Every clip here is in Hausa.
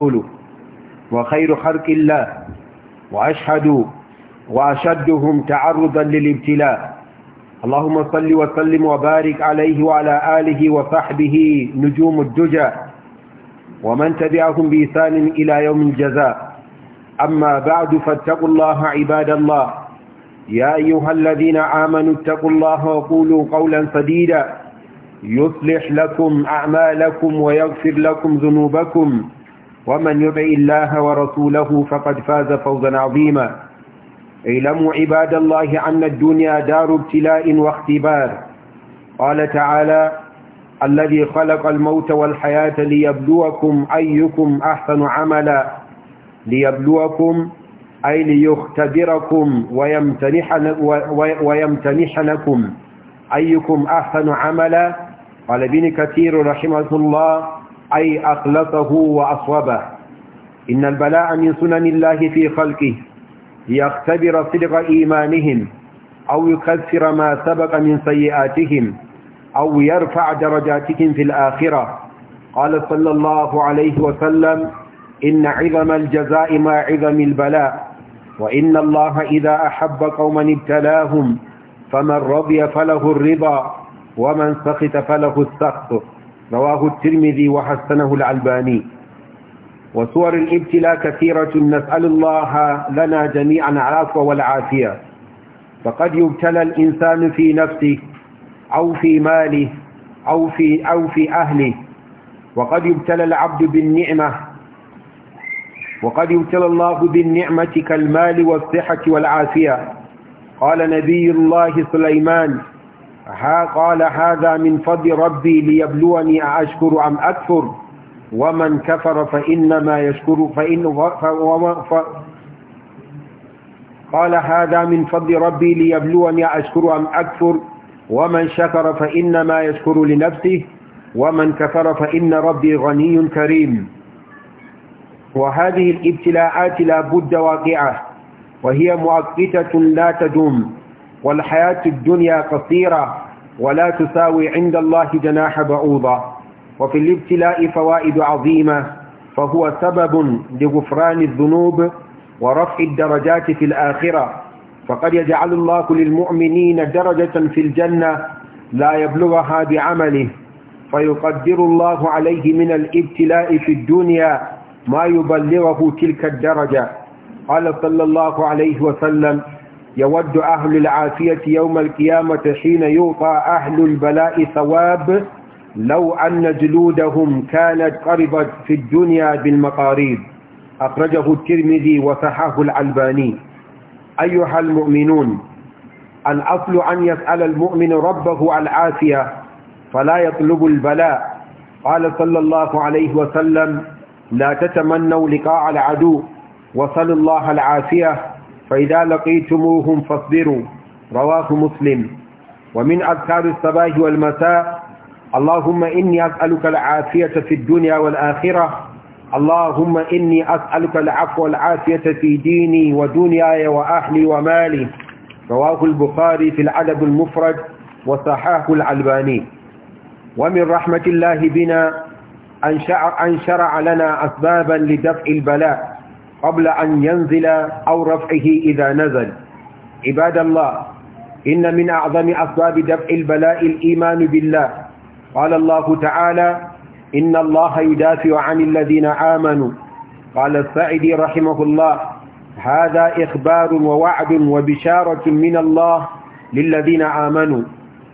قولوا وخير خلق الله وأشهد وأشدهم تعرضا للابتلاء اللهم صل وسلم وبارك عليه وعلى آله وصحبه نجوم الدجى ومن تبعهم بإحسان إلى يوم الجزاء أما بعد فاتقوا الله عباد الله يا أيها الذين آمنوا اتقوا الله وقولوا قولا سديدا يصلح لكم أعمالكم ويغفر لكم ذنوبكم ومن يطع الله ورسوله فقد فاز فوزا عظيما اعلموا عباد الله أن الدنيا دار ابتلاء واختبار قال تعالى الذي خلق الموت والحياة ليبلوكم أيكم أحسن عملا ليبلوكم أي ليختبركم ويمتنحنكم أيكم أحسن عملا قال ابن كثير رحمه الله أي أخلصه وأصوبه إن البلاء من سنن الله في خلقه ليختبر صدق إيمانهم أو يكثر ما سبق من سيئاتهم أو يرفع درجاتهم في الآخرة قال صلى الله عليه وسلم إن عظم الجزاء ما عظم البلاء وإن الله إذا أحب قوما ابتلاهم فمن رضي فله الرضا ومن سخط فله السخط رواه الترمذي وحسنه الألباني وصور الابتلاء كثيرة نسأل الله لنا جميعا العفو والعافية فقد يبتلى الإنسان في نفسه أو في ماله أو في, أو في أهله وقد يبتلى العبد بالنعمة وقد يبتلى الله بالنعمة كالمال والصحة والعافية قال نبي الله سليمان قال هذا من فضل ربي ليبلوني أشكر أم أكفر ومن كفر فإنما يشكر فإن قال هذا من فضل ربي ليبلوني أشكر أم أكفر ومن شكر فإنما يشكر لنفسه ومن كفر فإن ربي غني كريم وهذه الابتلاءات لا بد واقعة وهي مؤقتة لا تدوم والحياة الدنيا قصيرة ولا تساوي عند الله جناح بعوضة وفي الابتلاء فوائد عظيمة فهو سبب لغفران الذنوب ورفع الدرجات في الآخرة فقد يجعل الله للمؤمنين درجة في الجنة لا يبلغها بعمله فيقدر الله عليه من الابتلاء في الدنيا ما يبلغه تلك الدرجة قال صلى الله عليه وسلم يود أهل العافية يوم القيامة حين يعطى أهل البلاء ثواب لو أن جلودهم كانت قربت في الدنيا بالمقاريب أخرجه الترمذي وصححه الألباني أيها المؤمنون الأصل أن يسأل المؤمن ربه العافية فلا يطلب البلاء قال صلى الله عليه وسلم لا تتمنوا لقاء العدو وصلوا الله العافية فإذا لقيتموهم فاصبروا رواه مسلم ومن أذكار الصباح والمساء اللهم إني أسألك العافية في الدنيا والآخرة اللهم إني أسألك العفو والعافية في ديني ودنياي وأهلي ومالي رواه البخاري في العدد المفرد وصححه العلباني ومن رحمة الله بنا أن شرع لنا أسبابا لدفع البلاء قبل أن ينزل أو رفعه إذا نزل عباد الله إن من أعظم أسباب دفع البلاء الإيمان بالله قال الله تعالى إن الله يدافع عن الذين آمنوا قال السعدي رحمه الله هذا إخبار ووعد وبشارة من الله للذين آمنوا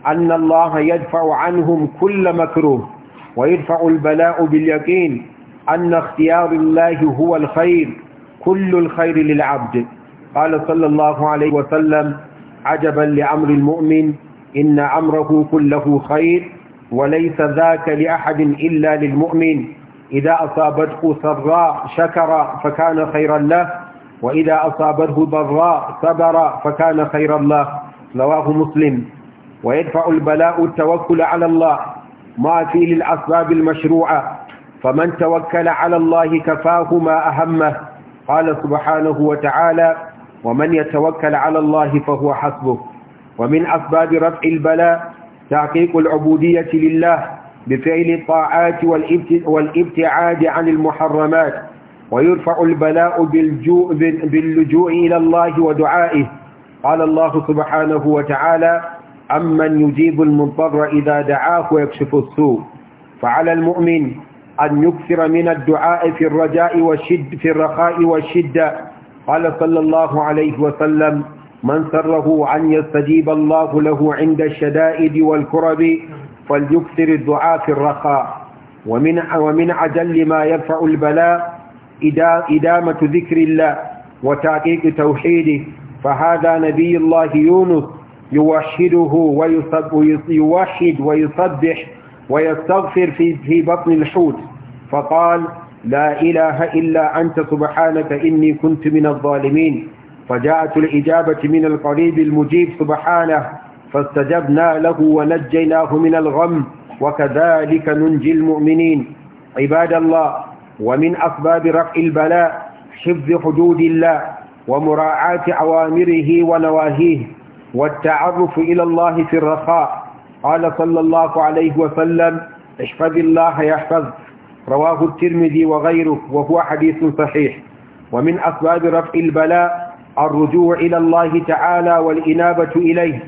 أن الله يدفع عنهم كل مكروه ويدفع البلاء باليقين أن اختيار الله هو الخير كل الخير للعبد قال صلى الله عليه وسلم عجبا لأمر المؤمن إن أمره كله خير وليس ذاك لأحد إلا للمؤمن إذا أصابته سراء شكر فكان خيرا له وإذا أصابته ضراء صبر فكان خيرا له رواه مسلم ويدفع البلاء التوكل على الله ما فيه للأسباب المشروعة فمن توكل على الله كفاه ما أهمه قال سبحانه وتعالى ومن يتوكل على الله فهو حسبه ومن أسباب رفع البلاء تحقيق العبودية لله بفعل الطاعات والابتعاد عن المحرمات ويرفع البلاء باللجوء إلى الله ودعائه قال الله سبحانه وتعالى أمن يجيب المضطر إذا دعاه ويكشف السوء فعلى المؤمن أن يكثر من الدعاء في الرجاء والشد في الرخاء والشدة قال صلى الله عليه وسلم من سره أن يستجيب الله له عند الشدائد والكرب فليكثر الدعاء في الرخاء ومن ومن عجل ما يرفع البلاء إدامة ذكر الله وتعقيق توحيده فهذا نبي الله يونس يوحده ويوحد ويصبح ويستغفر في, في بطن الحوت فقال لا إله إلا أنت سبحانك إني كنت من الظالمين فجاءت الإجابة من القريب المجيب سبحانه فاستجبنا له ونجيناه من الغم وكذلك ننجي المؤمنين عباد الله ومن أسباب رفع البلاء حفظ حدود الله ومراعاة أوامره ونواهيه والتعرف إلى الله في الرخاء قال صلى الله عليه وسلم احفظ الله يحفظ رواه الترمذي وغيره وهو حديث صحيح ومن أسباب رفع البلاء الرجوع إلى الله تعالى والإنابة إليه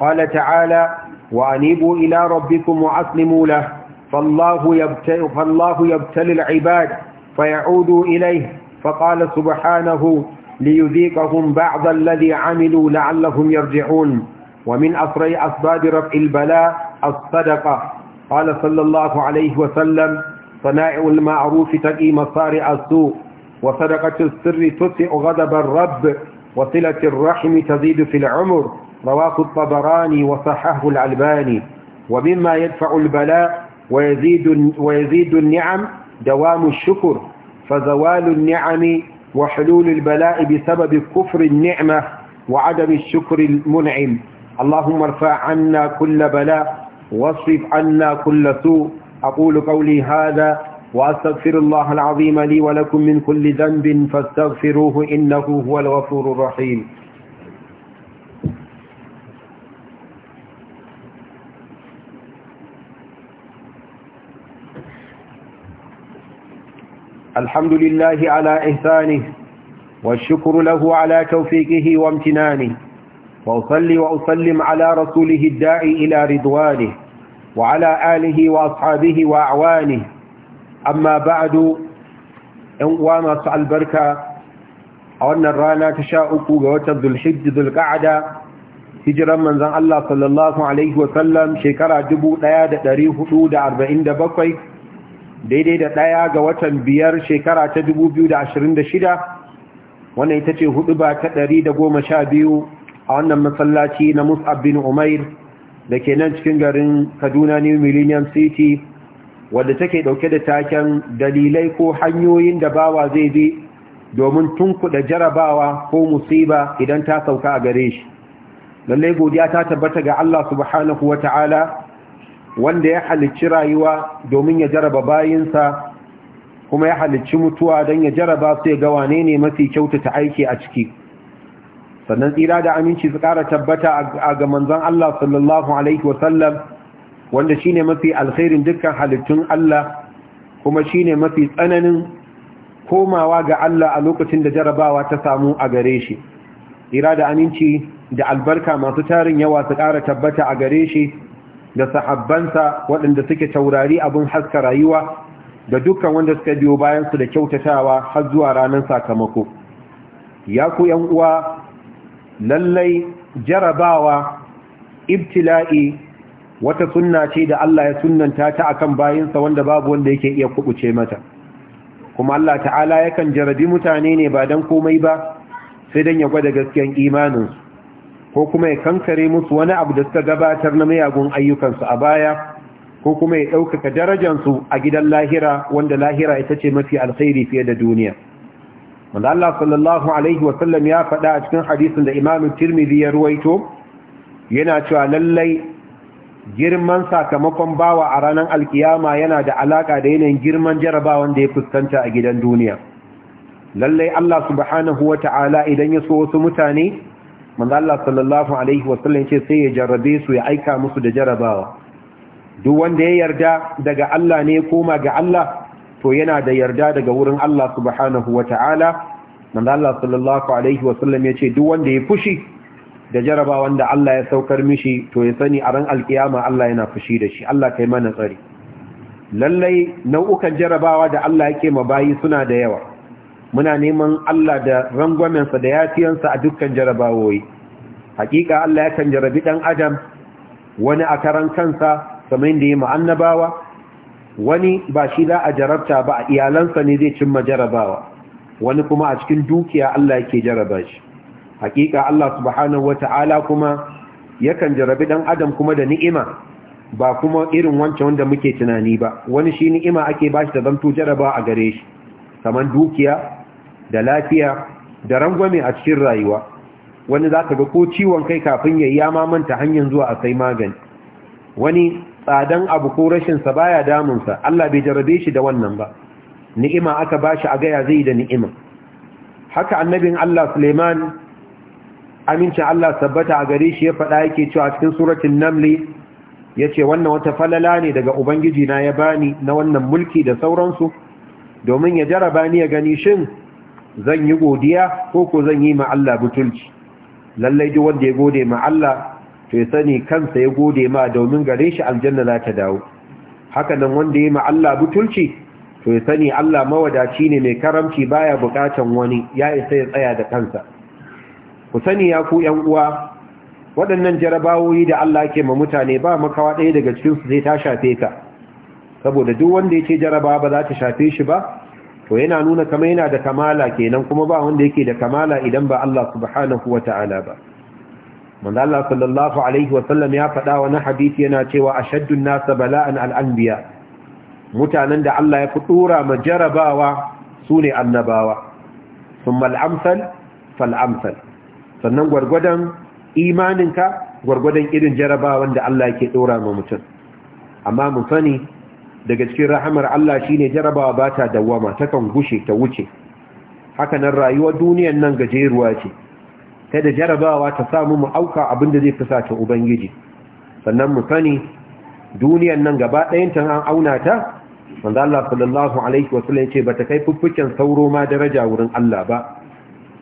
قال تعالى وأنيبوا إلى ربكم وأسلموا له فالله يبتل, فالله يبتل العباد فيعودوا إليه فقال سبحانه ليذيقهم بعض الذي عملوا لعلهم يرجعون ومن أسرع أسباب رفع البلاء الصدقة قال صلى الله عليه وسلم صنائع المعروف تقي مصارع السوء وصدقة السر تسع غضب الرب وصلة الرحم تزيد في العمر رواه الطبراني وصححه الألباني ومما يدفع البلاء ويزيد, ويزيد النعم دوام الشكر فزوال النعم وحلول البلاء بسبب كفر النعمة وعدم الشكر المنعم اللهم ارفع عنا كل بلاء واصرف عنا كل سوء أقول قولي هذا وأستغفر الله العظيم لي ولكم من كل ذنب فاستغفروه إنه هو الغفور الرحيم الحمد لله على إحسانه والشكر له على توفيقه وامتنانه وأصلي وأسلم على رسوله الداعي إلى رضوانه وعلى آله وأصحابه وأعوانه أما بعد وما سأل البركة أولنا الرانا تشاءك وتبذو الحج ذو القعدة hijiran manzan Allah sallallahu Alaihi wasallam shekara 1447 daidai da ɗaya ga watan biyar shekara ta 2026 wannan ita ce hudu ba ta 112 a wannan masallaci na mus'ab bin umair da ke nan cikin garin kaduna new millennium city wadda take dauke da taken dalilai ko hanyoyin da bawa zai bi domin tunkuɗa jarabawa ko musiba idan ta sauka a gare shi lallai godiya ta tabbata ga Allah subhanahu wa ta'ala wanda ya halicci rayuwa domin ya jaraba bayinsa kuma ya halicci mutuwa don ya jaraba su ya ga wane ne mafi kyautata aiki a ciki sannan tsira da aminci su kara tabbata a ga manzon Allah sallallahu alaihi wasallam wanda shine mafi alkhairin dukkan halittun Allah kuma shine mafi tsananin komawa ga Allah a lokacin da jarabawa ta samu a gare shi tsira da aminci da albarka masu tarin yawa su kara tabbata a gare shi da sahabbansa waɗanda suke taurari abin haska rayuwa da dukkan wanda suka biyo bayan su da kyautatawa har zuwa ranar sakamako ya ku ‘yan uwa lallai jarabawa ibtila'i wata sunna ce da Allah ya sunnanta ta akan bayinsa wanda babu wanda yake iya kubuce mata kuma Allah ta'ala yakan jarabi mutane ne ba dan komai ba sai dan ya gwada gaskiyan imaninsu ko kuma ya kankare musu wani abu da suka gabatar na mayagun ayyukansu a baya ko kuma ya ɗaukaka su a gidan lahira wanda lahira ita ce mafi alkhairi fiye da duniya wanda Allah sallallahu alaihi wasallam ya faɗa a cikin hadisin da imamin tirmidhi ya ruwaito yana cewa lallai girman sakamakon bawa a ranar alkiyama yana da alaka da yanayin girman jarabawan da ya fuskanta a gidan duniya lallai Allah subhanahu wa ta'ala idan ya so wasu mutane manzo Allah sallallahu alaihi wasallam ce sai ya jarrabe su ya aika musu da jarabawa duk wanda ya yarda daga Allah ne ya koma ga Allah to yana da yarda daga wurin Allah subhanahu wa ta'ala manzo Allah sallallahu alaihi wa sallam ce duk wanda ya fushi da jaraba wanda Allah ya saukar mishi to ya sani a ran alkiyama Allah yana fushi da shi Allah kai mana tsari lallai nau'ukan jarabawa da Allah yake ma bayi suna da yawa muna neman Allah da rangwamensa da yafiyansa a dukkan jarabawoyi hakika Allah yakan jarabi ɗan adam wani a karan kansa kamar da ya annabawa wani ba shi za a jarabta ba a iyalansa ne zai cimma jarabawa wani kuma a cikin dukiya Allah yake jaraba shi hakika Allah subhanahu wata'ala kuma yakan jarabi dan adam kuma da ni'ima ba kuma irin wancan wanda muke tunani ba wani shi ni'ima ake bashi da zamto jaraba a gare shi kamar dukiya da lafiya da rangwame a cikin rayuwa wani za ka ga ko ciwon kai kafin ya yi ya mamanta hanyar zuwa a sai magani wani tsadan abu ko rashinsa baya damunsa Allah bai jarabe shi da wannan ba ni'ima aka ba shi a gaya zai da ni'ima haka annabin Allah Suleiman amincin Allah sabbata a gare shi ya faɗa yake cewa cikin suratul namli ce wannan wata falala ne daga ubangiji na ya bani na wannan mulki da sauransu domin ya jaraba ni ya gani shin zan yi godiya ko ko zan yi ma Allah butulci lallai duk wanda ya gode ma Allah to ya sani kansa ya gode ma domin gare shi aljanna za ta dawo haka nan wanda ya ma Allah butulci to ya sani Allah mawadaci ne mai karamci baya bukatan wani ya isa ya tsaya da kansa ku sani ya ku yan uwa waɗannan jarabawoyi da Allah ke ma mutane ba makawa ɗaya daga cikin su zai ta shafe ka saboda duk wanda yake jaraba ba za ta shafe shi ba to yana nuna kamar yana da kamala kenan kuma ba wanda yake da kamala idan ba Allah subhanahu wataala ba manzo Allah sallallahu alaihi sallam ya faɗa wani hadisi yana cewa ashaddun nas bala'an al-anbiya mutanen da Allah ya fi dora ma jarabawa sune annabawa thumma al-amsal fal-amsal sannan gwargwadon imaninka gwargwadon irin jarabawan da Allah yake dora ma mutum amma mu sani daga cikin rahamar Allah shine jarabawa ba ta dawwama takan gushe ta wuce haka nan rayuwar duniyar nan gajeruwa ce da jarabawa ta samu mu auka da zai fusata ubangiji sannan mu sani duniyan nan gaba ɗayan ta an auna ta manzo Allah sallallahu alaihi wa sallam ce bata kai fuffuken sauro ma daraja wurin Allah ba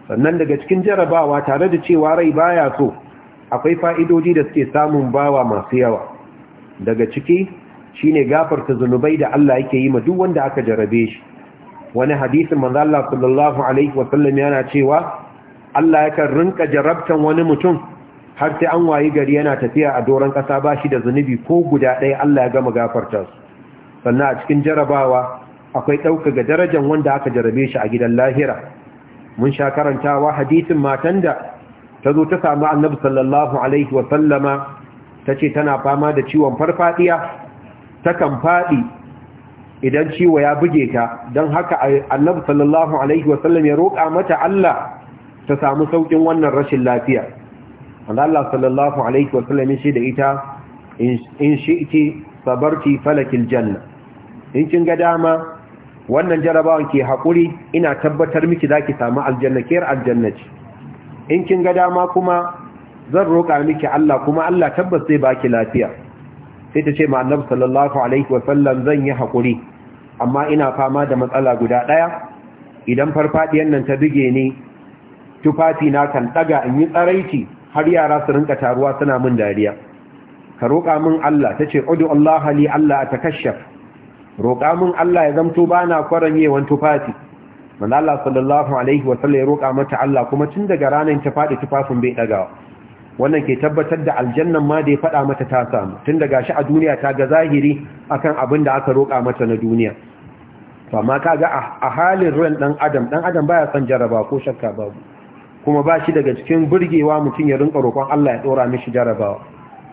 sannan daga cikin jarabawa tare da cewa rai baya so akwai fa'idodi da suke samun bawa masu yawa daga ciki shine gafarta zunubai da Allah yake yi ma duk wanda aka jarabe shi wani hadisin manzo Allah sallallahu alaihi wa sallam yana cewa Allah ya kan rinka jarabtan wani mutum har sai an wayi gari yana tafiya a doron kasa ba shi da zunubi ko guda ɗaya Allah ya gama gafarta su sannan a cikin jarabawa akwai ɗaukaka darajan wanda aka jarabe shi a gidan lahira mun sha karantawa hadisin matan da ta zo ta samu annabi sallallahu alaihi wa sallama ta ce tana fama da ciwon farfadiya Ta kan faɗi idan ciwo ya buge ta don haka annabi sallallahu alaihi wa sallam ya roƙa mata Allah ta samu saukin wannan rashin lafiya wanda Allah sallallahu alaihi wasallam shi da ita in shi'ti sabarti falakil janna in kin ga dama wannan jarabawan ke hakuri ina tabbatar miki zaki samu aljanna kiyar aljanna ce in kin ga dama kuma zan roƙa miki Allah kuma Allah tabbas zai baki lafiya sai ta ce ma annabi sallallahu alaihi wasallam zan yi hakuri amma ina fama da matsala guda daya idan farfadiyan nan ta buge ni tufafi na kan daga in yi tsaraici har yara su rinka taruwa suna min dariya ka roƙa min Allah tace udu Allah li Allah atakashaf roƙa min Allah ya zamto bana kwaranyewan tufafi manzo Allah sallallahu alaihi wa sallam ya roƙa mata Allah kuma tun daga ranar ta fadi tufafin bai ɗagawa. wannan ke tabbatar da aljannan ma da ya faɗa mata ta samu tun daga shi a duniya ta ga zahiri akan abin da aka roƙa mata na duniya to amma kaga a halin ruwan dan adam dan adam baya son jaraba ko shakka babu kuma ba shi daga cikin burgewa mutum ya rinka roƙon Allah ya tsora mishi jarabawa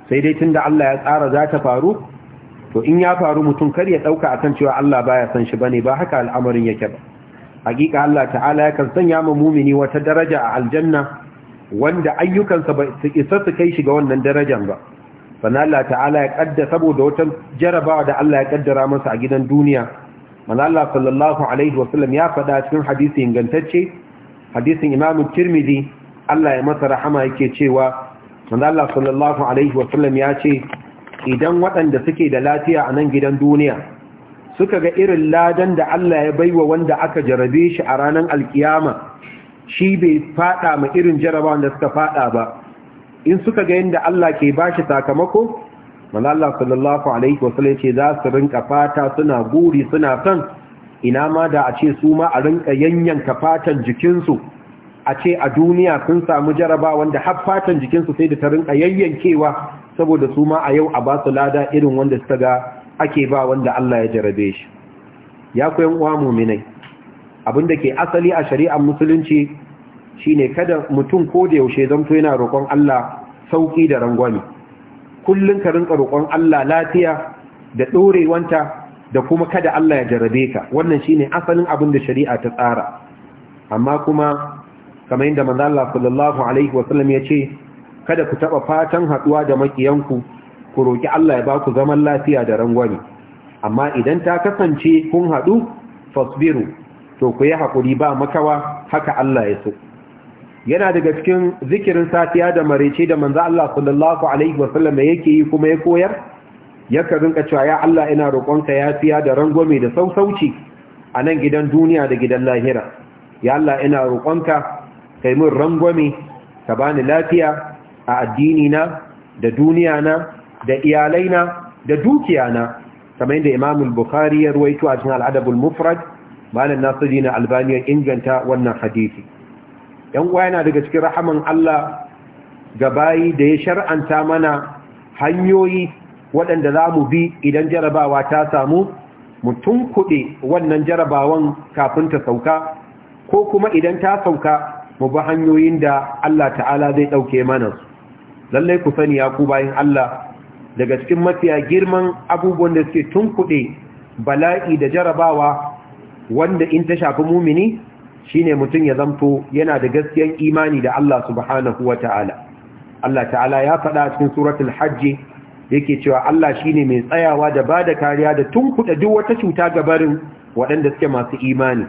sai dai tunda Allah ya tsara za ta faru to in ya faru mutum kar ya ɗauka akan cewa Allah baya san shi bane ba haka al'amarin yake ba hakika Allah ta'ala ya kan sanya ma mumini wata daraja a aljanna wanda ayyukansa ba su isa su kai shi ga wannan darajan ba sannan Allah ta'ala ya ƙadda saboda wata jarabawa da Allah ya kaddara masa a gidan duniya manzo Allah sallallahu alaihi wasallam ya faɗa cikin hadisi ingantacce hadisin imamu Kirmidi Allah ya masa rahama yake cewa manzo Allah sallallahu alaihi wa sallam ya ce idan waɗanda suke da lafiya a nan gidan duniya suka ga irin ladan da Allah ya baiwa wanda aka jarabe shi a ranar alkiyama shi bai fada ma irin jaraba da suka fada ba in suka ga yadda Allah ke bashi sakamako manzo Allah sallallahu alaihi wa sallam ce za su rinka fata suna guri suna son ina ma da a ce su ma a rinka yanyanka fatan jikinsu a ce a duniya sun samu jaraba wanda har fatan jikinsu sai da ta rinka yayyankewa saboda su ma a yau a ba su lada irin wanda su ga ake ba wanda Allah ya jarabe shi ya yan uwa muminai abin da ke asali a shari'ar musulunci shine kada mutum ko da yaushe zanto yana roƙon Allah sauki da rangwani, kullun ka rinka roƙon Allah lafiya da dorewanta da kuma kada Allah ya jarabe ka wannan shine asalin abin da shari'a ta tsara amma kuma kamar yadda manzo Allah sallallahu alaihi wasallam ya ce kada ku taba fatan haduwa da makiyanku ku roki Allah ya baku zaman lafiya da rangwani amma idan ta kasance kun hadu fasbiru to ku yi hakuri ba makawa haka Allah ya so yana daga cikin zikirin safiya da marece da manzo Allah sallallahu alaihi wasallam yake yi kuma ya koyar yaka rinka cewa ya Allah ina roƙonka yafiya da rangwame da sausauci a nan gidan duniya da gidan lahira ya Allah ina roƙonka kai min rangwame ka bani lafiya a addini na da duniya na da iyalai na da dukiya na kamar yadda Imam bukhari ya ruwaito a cikin al-Adab al-Mufrad malam Nasiri na Albania inganta wannan hadisi yan uwa yana daga cikin rahaman Allah ga bayi da ya shar'anta mana hanyoyi waɗanda za mu bi idan jarabawa ta samu mutum kuɗe wannan jarabawan kafin ta sauka ko kuma idan ta sauka mu bi hanyoyin da Allah ta'ala zai ɗauke mana lallai ku sani ya ku bayan Allah daga cikin mafiya girman abubuwan da suke tun kuɗe bala'i da jarabawa wanda in ta shafi mumini ne mutum ya zamto yana da gaskiyan imani da Allah subhanahu wa ta'ala Allah ta'ala ya faɗa cikin suratul hajji yake cewa Allah shine mai tsayawa da bada kariya da tunkuda duk wata cuta ga barin waɗanda suke masu imani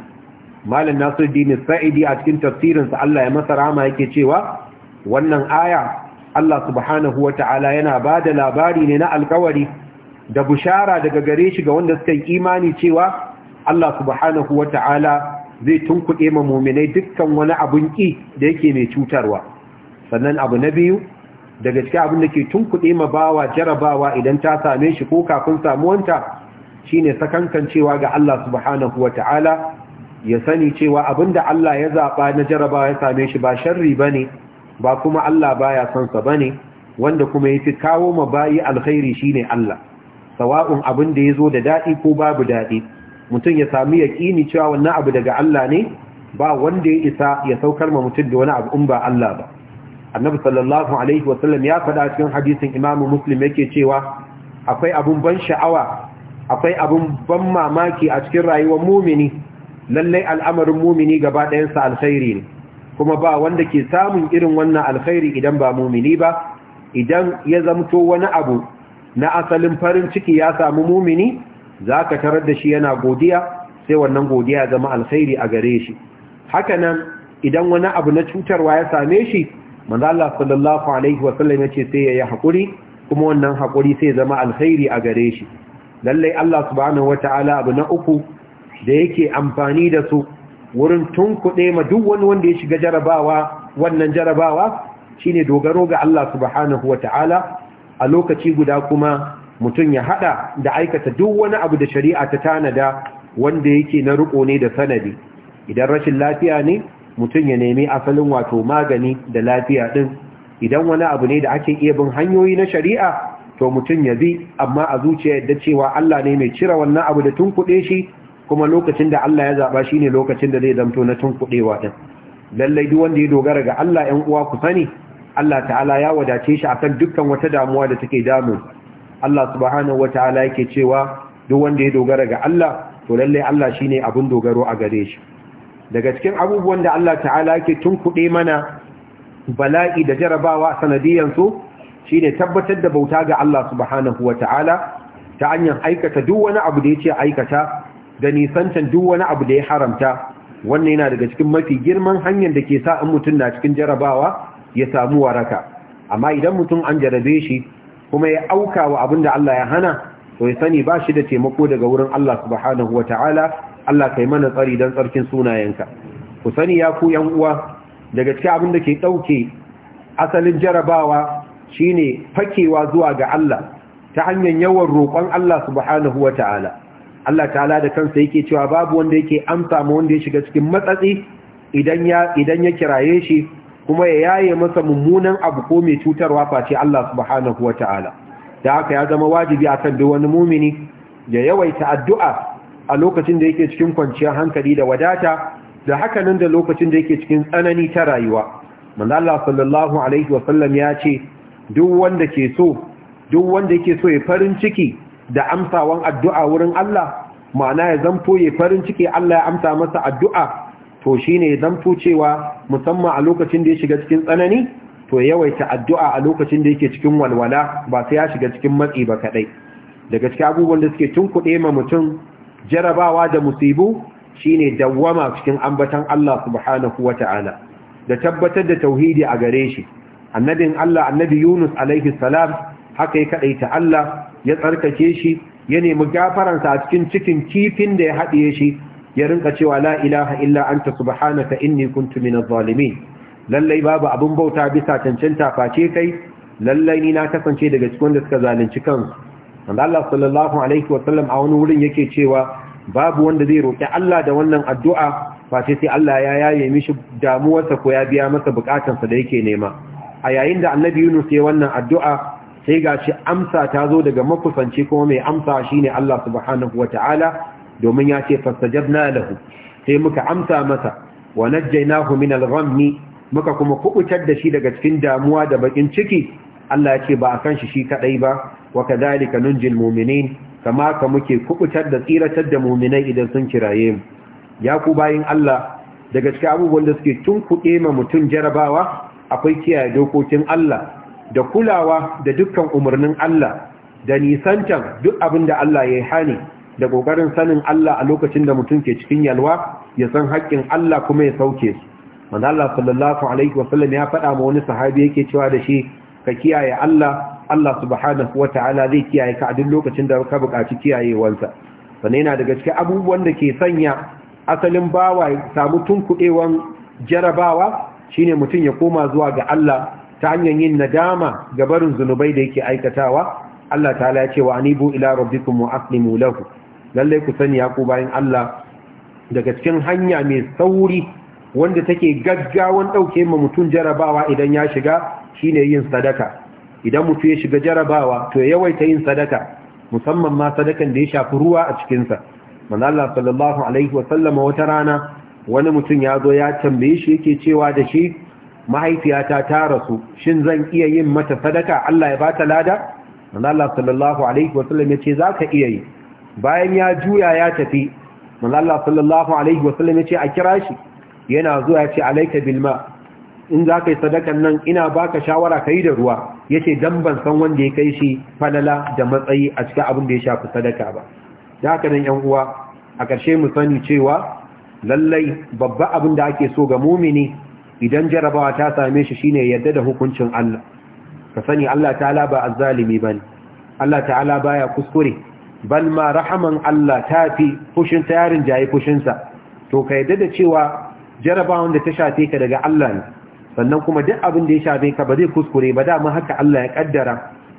malam Nasiruddin Sa'idi a cikin tafsirinsa Allah ya masa rama yake cewa wannan aya Allah subhanahu wata'ala yana da labari ne na alkawari da bushara daga gare shi ga wanda suke imani cewa Allah subhanahu wata'ala zai tunkuɗe ma muminai dukkan wani abun ki da yake mai cutarwa sannan abu na biyu daga cikin abin da ke tunkuɗe ma bawa jarabawa idan ta same shi ko kafin samuwanta shine sakankancewa ga Allah subhanahu wa ta'ala ya sani cewa abin da Allah ya zaɓa na jarabawa ya same shi ba sharri ne, ba kuma Allah ba ya sansa ba ne, wanda kuma ya fi kawo ma bayi alkhairi shine Allah sawa'un abin da ya zo da daɗi ko babu daɗi, mutum ya sami ƙini cewa wannan abu daga Allah ne ba wanda ya isa ya saukar ma mutum da wani abu in ba Allah ba annabi sallallahu alaihi wasallam ya faɗa cikin hadisin imamu muslim yake cewa akwai abun ban sha'awa akwai abun ban mamaki a cikin rayuwar mumini lallai al'amarin mumini gaba ɗayansa alkhairi ne kuma ba wanda ke samun irin wannan alkhairi idan ba mumini ba idan ya zamto wani abu na asalin farin ciki ya samu mumini za ka tarar da shi yana godiya sai wannan godiya zama alkhairi a gare shi hakanan idan wani abu na cutarwa ya same shi manzo Allah sallallahu alaihi wa sallam yace sai yayi hakuri kuma wannan hakuri sai zama alkhairi a gare shi lalle Allah subhanahu wataala abu na uku da yake amfani da su wurin tunkuɗe ma duk wani wanda ya shiga jarabawa wannan jarabawa shine dogaro ga Allah subhanahu wataala a lokaci guda kuma mutum ya hada da aikata duk wani abu da shari'a ta tanada wanda yake na riko ne da sanadi idan rashin lafiya ne mutum ya nemi asalin wato magani da lafiya din idan wani abu ne da ake iya bin hanyoyi na shari'a to mutum ya bi amma a zuciya yadda cewa Allah ne mai cire wannan abu da tunkuɗe shi kuma lokacin da Allah ya zaɓa shi ne lokacin da zai zamto na tunkuɗewa ɗin lallai duk wanda ya dogara ga Allah ‘yan uwa ku sani Allah ta'ala ya wadace shi akan dukkan wata damuwa da take damu Allah subhanahu wa ta'ala yake cewa duk wanda ya dogara ga Allah to lallai Allah shine abun dogaro a gare shi daga cikin abubuwan da Allah ta'ala yake tunkuɗe mana bala'i da jarabawa sanadiyansu shi ne tabbatar da bauta ga Allah subhanahu wa ta'ala ta hanyar aikata duk wani abu da ya ce aikata da nisantan duk wani abu da ya haramta wannan yana daga cikin mafi girman hanyar da ke sa in mutum na cikin jarabawa ya samu waraka amma idan mutum an jarabe shi kuma ya auka wa abin da Allah ya hana to ya sani ba shi da taimako daga wurin Allah subhanahu wa ta'ala Allah kai mana tsari don tsarkin sunayenka ku sani ya ku yan uwa daga cikin abin da ke ɗauke asalin jarabawa shine fakewa zuwa ga Allah ta hanyar yawan roƙon Allah subhanahu wata'ala Allah ta'ala da kansa yake cewa babu wanda yake amsa ma wanda ya shiga cikin matsatsi idan ya idan ya kiraye shi kuma ya yaye masa mummunan abu ko mai cutarwa face Allah subhanahu wata'ala da haka ya zama wajibi akan duk wani mumini ya yawaita addu'a a lokacin da yake cikin kwanciyar hankali da wadata da hakanan da lokacin da yake cikin tsanani ta rayuwa Manda Allah sallallahu alaihi wasallam ya ce duk wanda ke so duk wanda yake so ya farin ciki da amsawan addu'a wurin Allah ma'ana ya zanto ya farin ciki Allah ya amsa masa addu'a to ne ya zanto cewa musamman a lokacin da ya shiga cikin tsanani to ya yawaita addu'a a lokacin da yake cikin walwala ba sai ya shiga cikin matsi ba kaɗai. daga cikin abubuwan da suke tun kuɗe ma mutum jarabawa da musibu shine dawwama cikin ambatan Allah subhanahu wata'ala da tabbatar da tauhidi a gare shi annabin Allah annabi Yunus alaihi salam haka ya kadaita Allah ya tsarkake shi ya nemi gafaransa a cikin cikin kifin da ya haɗiye shi ya rinka cewa la ilaha illa anta subhanaka inni kuntu minaz zalimin lallai babu abun bauta bisa cancanta face kai lallai ni na kasance daga cikin wanda suka zalunci kansu wanda Allah sallallahu alaihi wasallam a wani wurin yake cewa babu wanda zai roƙi Allah da wannan addu'a Ba sai Allah ya yaye mishi damuwarsa ko ya biya masa bukatansa da yake nema a yayin da annabi Yunus ya wannan addu'a sai ga shi amsa ta zo daga makusanci kuma mai amsa ne Allah subhanahu ta'ala. domin ya ce na lahu sai muka amsa masa wa najjaynahu min al muka kuma kubutar da shi daga cikin damuwa da bakin ciki Allah ya ce ba a kan shi shi kaɗai ba wa kadhalika nunjil mu'minin kama ka muke kubutar da tsiratar da mu'minai idan sun kiraye mu ya ku bayin Allah daga cikin abubuwan da suke tunkuɗe ma mutum jarabawa akwai kiyaye dokokin Allah da kulawa da dukkan umarnin Allah da nisantan duk abin da Allah ya hani da ƙoƙarin sanin Allah a lokacin da mutum ke cikin yalwa ya san haƙƙin Allah kuma ya sauke su manzo Allah sallallahu alaihi wasallam ya faɗa ma wani sahabi yake cewa da shi ka kiyaye Allah Allah subhanahu wa ta'ala zai kiyaye ka a duk lokacin da ka buƙaci kiyayewansa sannan yana daga cikin abubuwan da ke sanya asalin bawa samu tunkuɗewan jarabawa shine mutum ya koma zuwa ga Allah ta hanyar yin nadama ga barin zunubai da yake aikatawa Allah ta'ala ya ce wa anibu ila rabbikum wa aslimu lahu lalle ku sani ya ku bayan Allah daga cikin hanya mai sauri wanda take gaggawan dauke ma mutum jarabawa idan ya shiga shine yin sadaka idan mutum ya shiga jarabawa to ya yawaita yin sadaka musamman ma sadakan da ya shafi ruwa a cikinsa manzo Allah sallallahu alaihi wa sallama wata rana wani mutum ya zo ya tambaye shi yake cewa da shi mahaifiyata ta rasu shin zan iya yin mata sadaka Allah ya bata lada manzo Allah sallallahu alaihi wa sallam yace zaka iya yi bayan ya juya ya tafi manzo Allah sallallahu alaihi wa sallam yace a kira shi yana zuwa yace alayka bilma in zaka yi sadakan nan ina baka shawara kai da ruwa yace dan ban san wanda ya kai shi falala da matsayi a cikin abin da ya shafi sadaka ba da haka nan yan uwa a ƙarshe mu sani cewa lallai babba abin da ake so ga mumini idan jarabawa ta same shi shine yadda da hukuncin Allah ka sani Allah ta'ala ba azzalimi bane Allah ta'ala baya kuskure bal ma rahaman Allah tafi fushin tayarin jayi fushinsa to ka yadda da cewa jarabawan da ta shafe ka daga Allah ne sannan kuma duk abin da ya shafe ka ba zai kuskure ba dama haka Allah ya kaddara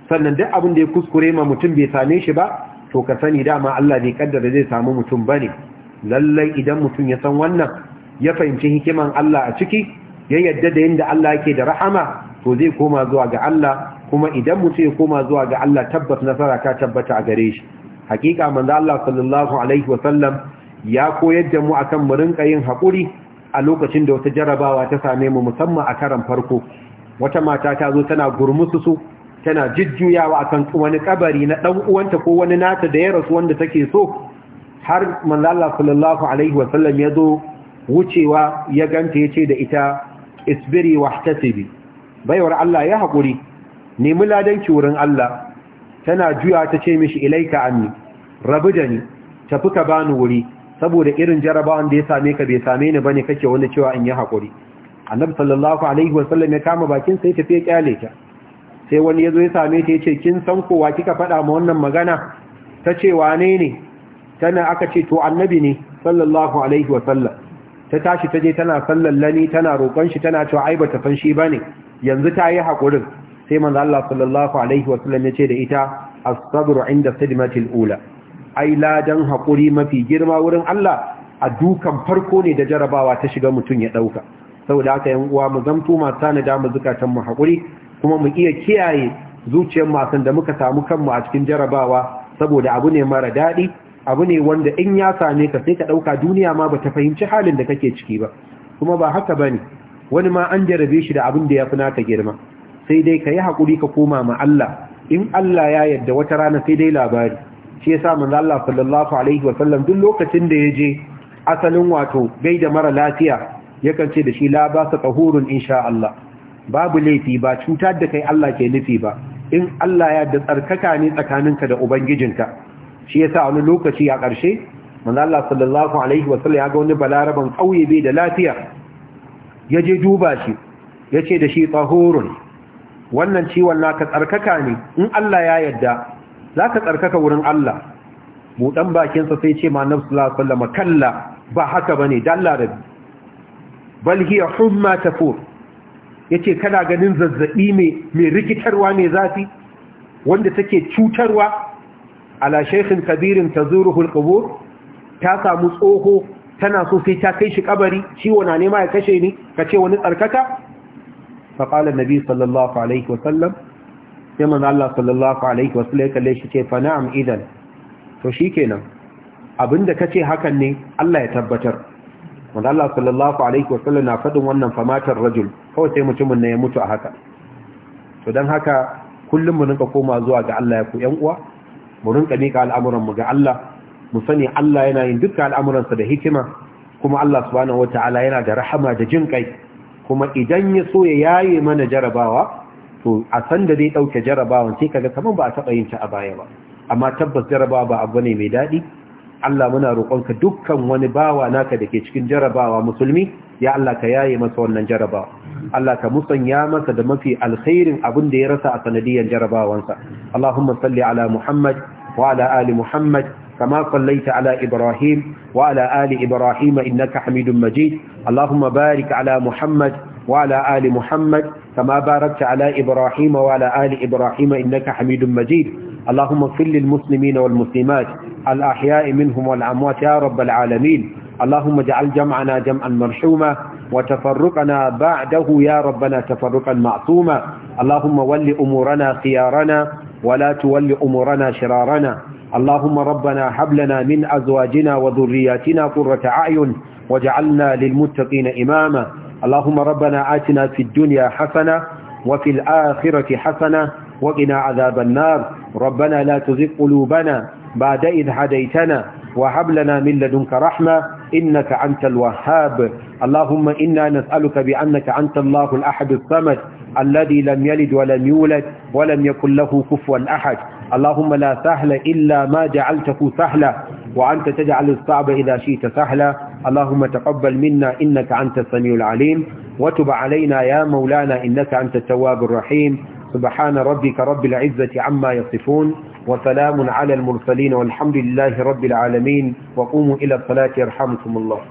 sannan duk abin da ya kuskure ma mutum bai same shi ba to ka sani dama Allah bai kaddara zai samu mutum bane lallai idan mutum ya san wannan ya fahimci hikiman Allah a ciki ya yadda da yanda Allah yake da rahama to zai koma zuwa ga Allah kuma idan mutum ya koma zuwa ga Allah tabbas nasara ta tabbata a gare shi hakika manzo Allah sallallahu alaihi wasallam ya koyar da mu akan mu rinka yin hakuri a lokacin da wata jarabawa ta same mu musamman a karan farko wata mata ta zo tana gurmusu su tana jujjuyawa akan wani kabari na dan uwanta ko wani nata da ya rasu wanda take so har manzo Allah sallallahu alaihi wa sallam ya zo wucewa ya ganta yace da ita isbiri wahtasibi baiwar Allah ya hakuri nemi ladanci wurin Allah tana juya ta ce mishi ilaika anni rabu da ni tafi ka bani wuri saboda irin jarabawan da ya same ka bai same ni bane kake wani cewa in yi hakuri annabi sallallahu alaihi wasallam ya kama bakin sai ta ya kyale ta sai wani yazo ya same ta yace kin san kowa kika faɗa ma wannan magana ta ce wane ne tana aka ce to annabi ne sallallahu alaihi wasallam ta tashi ta je tana sallallani tana roƙon shi tana cewa ai bata san shi bane yanzu ta yi hakurin sai manzo Allah sallallahu alaihi wasallam ya ce da ita as-sabru inda sidmatil ula ai ladan hakuri mafi girma wurin Allah a dukan farko ne da jarabawa ta shiga mutum ya ɗauka saboda haka yan uwa mu zamto masu ta da mu zukatan mu haƙuri kuma mu iya kiyaye zuciyar masan da muka samu kanmu a cikin jarabawa saboda abu ne mara daɗi abu ne wanda in ya same ka sai ka ɗauka duniya ma ba ta fahimci halin da kake ciki ba kuma ba haka ba ne wani ma an jarabe shi da abin da ya fi naka girma sai dai ka yi hakuri ka koma ma Allah in Allah ya yarda wata rana sai dai labari shi ya sa manzo Allah sallallahu alaihi wa sallam duk lokacin da ya je asalin wato bai da mara lafiya yakan ce da shi la ba sa tahurun insha Allah babu laifi ba cutar da kai Allah ke nufi ba in Allah ya da tsarkaka ne tsakaninka da ubangijinka shi ya sa wani lokaci a ƙarshe manzo Allah sallallahu alaihi wa sallam ya ga wani balaraban kauye bai da lafiya yaje duba shi yace da shi tahurun wannan ciwon naka tsarkaka ne in Allah ya yarda za ka tsarkaka wurin Allah buɗan bakinsa sai ce ma nafsu sallama kalla ba haka ba ne dalla da balhiyar humma ta ya ce kana ganin zazzaɓi mai rikitarwa mai zafi wanda take cutarwa ala shaikhin kabirin ta zuru ta samu tsoho tana so sai ta kai shi kabari ciwo na nema ya kashe ni ka ce wani tsarkaka faƙalar nabi sallallahu alaihi wasallam sai manzo Allah sallallahu alaihi wasallam ya kalle shi ce fa na'am idan to shikenan abinda kace hakan ne Allah ya tabbatar manzo Allah sallallahu alaihi wasallam na fadin wannan famatar rajul kawai sai mutumin ne ya mutu a haka to dan haka kullum mu rinka koma zuwa ga Allah ya ku yan uwa mu rinka mika al'amuran mu ga Allah mu sani Allah yana yin dukkan al'amuransa da hikima kuma Allah subhanahu wataala yana da rahama da jin kai kuma idan ya so ya yaye mana jarabawa to a san da zai ɗauke jarabawan sai kaga kamar ba a taɓa yin ta a baya ba amma tabbas jarabawa ba abu ne mai daɗi Allah muna roƙonka dukkan wani bawa naka da ke cikin jarabawa musulmi ya Allah ka yaye masa wannan jarabawa Allah ka musanya masa da mafi alkhairin abin da ya rasa a sanadiyan jarabawansa Allahumma salli ala Muhammad wa ala ali Muhammad كما صليت على إبراهيم وعلى آل إبراهيم إنك حميد مجيد اللهم بارك على محمد وعلى آل محمد كما باركت على إبراهيم وعلى آل إبراهيم إنك حميد مجيد اللهم اغفر للمسلمين والمسلمات الأحياء منهم والأموات يا رب العالمين اللهم اجعل جمعنا جمعا مرحوما وتفرقنا بعده يا ربنا تفرقا معصوما اللهم ول أمورنا خيارنا ولا تول أمورنا شرارنا اللهم ربنا هب لنا من أزواجنا وذرياتنا قرة أعين وجعلنا للمتقين إماما اللهم ربنا آتنا في الدنيا حسنة وفي الآخرة حسنة وقنا عذاب النار ربنا لا تزغ قلوبنا بعد إذ هديتنا وهب لنا من لدنك رحمة إنك أنت الوهاب اللهم إنا نسألك بأنك أنت الله الأحد الصمد الذي لم يلد ولم يولد ولم يكن له كفوا أحد اللهم لا سهل إلا ما جعلته سهلا وأنت تجعل الصعب إذا شئت سهلا اللهم تقبل منا إنك أنت السميع العليم وتب علينا يا مولانا إنك أنت التواب الرحيم سبحان ربك رب العزة عما يصفون وسلام على المرسلين والحمد لله رب العالمين وقوموا إلى الصلاة يرحمكم الله